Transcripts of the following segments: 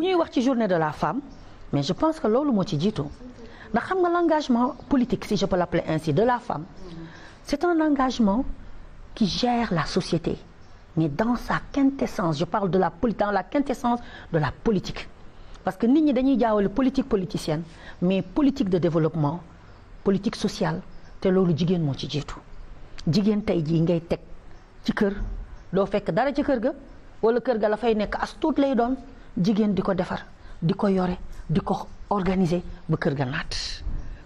ñuy wax ci journée de la femme mais je pense que loolu moo ci jiitu ndax xam nga l'engagement politique si je peux l'appeler ainsi de la femme c'est un engagement qui gère la société mais dans sa quintessence je parle de la dans la quintessence de la politique parce que nit ñi dañuy jaawale politique politicienne mais politique de développement politique sociale te loolu jigéen moo ci jiitu jigéen tey jii ngay teg ci kër doo fekk dara ci kër ga wala kër ga la fay nekk as tuut lay doon jigéen di ko defar di ko yore di ko organiser bu kër ga naat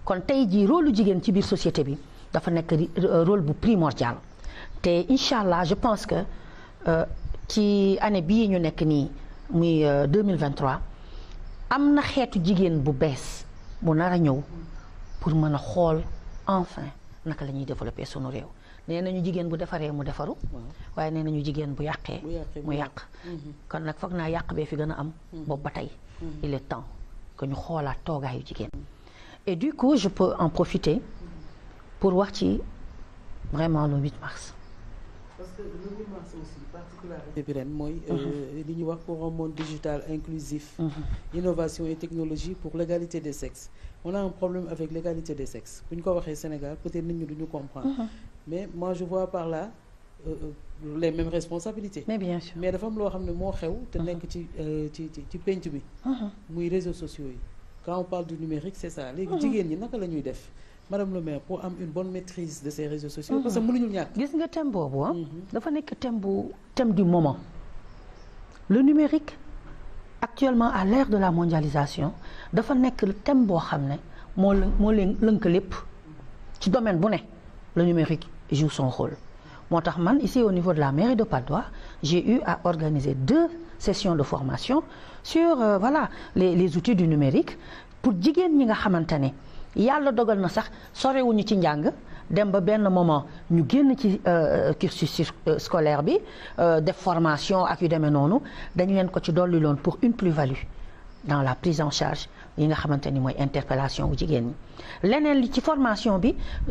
kon tey jii rôle lu jigéen ci biir société bi dafa nekk euh, rôle bu primordial te incha allah je pense que euh, ci année bii ñu nekk nii muy 2023 euh, am na xeetu jigéen bu bees bu nar a ñëw pour mën a xool enfin naka la ñuy développer sunu réew nee nañu jigéen bu defaree mu defaru waaye nee nañu jigéen bu yàqee mu yàq mm-hmm. kon nag foog naa yàq bee fi gën a am mm-hmm. boobu ba tey mm-hmm. il est temps que ñu xoolaat toogaayu jigéen et du coup je peux en profiter pour wax ci vraiment le 8 mars parce que le ren mooy euh, uh-huh. li ñuy wax pour un monde digital inclusif uh-huh. innovation et technologie pour l'égalité des sexes on a un problème avec l'égalité des sexes bu ñu ko waxee Sénégal peut-être nit ñi duñu comprendre uh -huh. mais moi je vois par là euh, euh, les mêmes responsabilités mais bien sûr mais dafa am loo xam ne moo xew te uh-huh. nekk euh, ci ci ci penc bi muy réseaux sociaux yi quand on parle du numérique c'est ça léegi jigéen ñi naka la ñuy def madame le maire pour am une bonne maîtrise de ces réseaux sociaux. parce que mhm. mënuñu gis nga thème boobu ah. Mhm. dafa nekk thème bu thème du moment. le numérique actuellement à l'ère de la mondialisation dafa nekk thème boo xam ne moo moo lënk lépp ci domaine bu ne le numérique joue son rôle. moo tax man ici au niveau de la mairie de Patte d'Oie j'ai eu à organiser deux sessions de formation sur euh, voilà les les outils du numérique pour jigéen ñi nga xamante ne. yàlla dogal na sax sorewuñu ci njàng dem ba benn moment ñu génn ci euh, euh, cursus euh, scolaire bi def formation ak yu demee noonu dañu leen ko ci dolli loon pour une plus-value dans la prise en charge yi nga xamante ni mooy interpellation wu jigéen ñi leneen li ci formation bi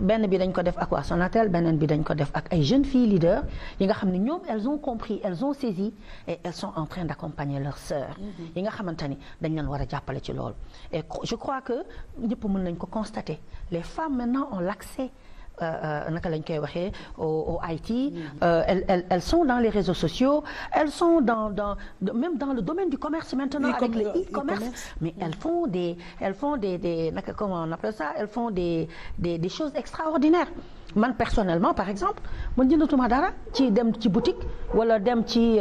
benn bi dañ ko def ak waa Sonatel beneen bi dañ ko def ak ay jeunes filles leaders yi nga xam ne ñoom elles ont compris elles ont saisi et elles sont en train d'accompagner leurs sœurs mm-hmm. yi nga xamante ni dañ leen war a jàppale ci loolu et je crois que ñëpp mën nañ ko constater les femmes maintenant ont l'accès Euh, euh, naka lañ koy waxee au IT euh, elles elles elles sont dans les réseaux sociaux elles sont dans dans même dans le domaine du commerce maintenant avec le e-commerce mais mm. elles font des elles font des des naka comment on appelle ça elles font des des des choses extraordinaires man personnellement par exemple man jëndatuma dara ci dem ci boutique wala dem ci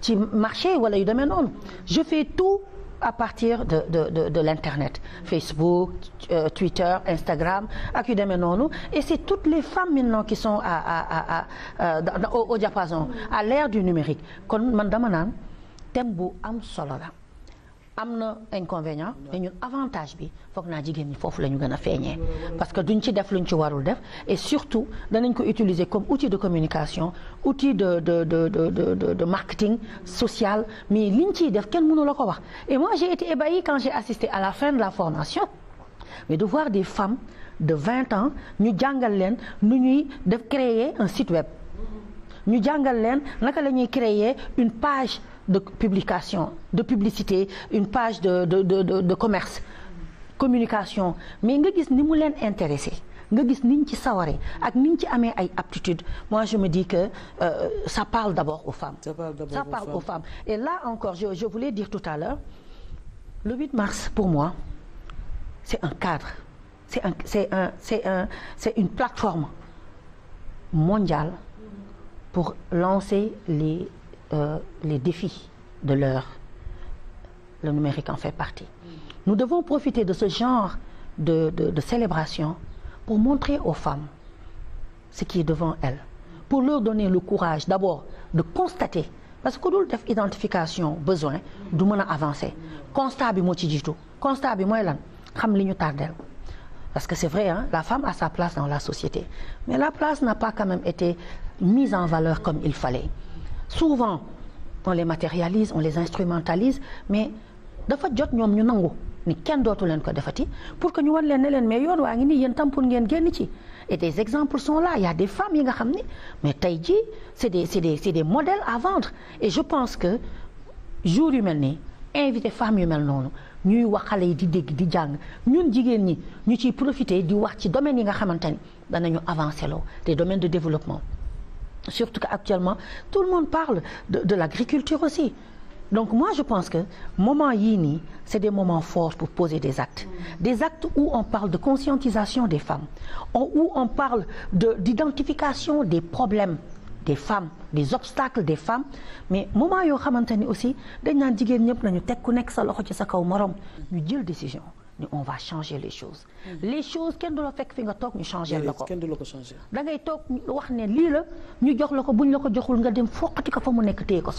ci marché wala yu demee noonu je fais tout à partir de de de, de l'internet Facebook euh, Twitter Instagram ak yu demee noonu et c'est toutes les femmes maintenant qui sont à à à à euh, au, au diapason à l'ère du numérique kon man dama naan thème bu am solo la. am na inconvénient mais ñun avantage bi foog naa jigéen ñi foofu la ñu gën a feeñee parce que duñ ci def lu ñu ci warul def et surtout danañ ko utiliser comme outil de communication outil de de de de de de marketing social mais liñ ciy def kenn mënula ko wax et moi j'ai été ébahie quand j'ai assisté à la fin de la formation mais de voir des femmes de vingt ans ñu jàngal leen nu ñuy def créer un site web ñu jàngal leen naka lañuy ñuy créer une page de publication de publicité une page de de de de, de commerce communication mais nga gis ni mu leen intéressé nga gis niñ ci sawaree ak niñ ci amee ay aptitudes moi je me dis que euh, ça parle d'abord aux femmes. ça parle, ça aux, et là encore je je voulais dire tout à l'heure le 8 mars pour moi c'est un cadre c'est un c'est un c'est un c'est une plateforme mondiale pour lancer les euh, les défis de l'heure. Le numérique en fait partie. Mm. Nous devons profiter de ce genre de, de, de célébration pour montrer aux femmes ce qui est devant elles. Pour leur donner le courage d'abord de constater parce que ku dul def identification besoin du mën a avancer constat bi moo ci jiitu constat bi mooy lan xam li ñu tardeel parce que c'est vrai hein, la femme a sa place dans la société mais la place n'a pas quand même été mise en valeur comme il fallait souvent on les matérialise on les instrumentalise mais dafa jot ñoom ñu nangu ni kenn dootu leen ko defati pour que ñu wan leen ne leen mais yoon waa ngi nii yéen tam pour ngeen génn ci et des exemples sont là il y a des femmes yi nga xam ni mais tey ji c'est des c'est des c'est des modèles à vendre et je pense que jour yu mel nii invité femmes yu mel noonu ñuy wax xale yi di dégg di jàng ñun jigéen ñi ñu ciy profiter di wax ci domaines yi nga xamante ni danañu avancer loo des domaines de développement surtout qu'actuellement tout le monde parle de de l'agriculture aussi donc moi je pense que moment yii nii c'est des moments forts pour poser des actes des actes où on parle de conscientisation des femmes où on parle de d'identification des problèmes des femmes des obstacles des femmes mais moment yoo xamante ni aussi dañ naan jigéen ñëpp nañu teg ku nekk sa loxo ci sa kaw moroom ñu jël décision ni on va changer les choses. Mm. les choses kenn du la fekk fi nga toog ñu la ko. kenn du la ko changer. da ngay toog wax ne lii la ñu jox la ko buñ la ko joxul nga dem foqati ko fa mu nekk tee ko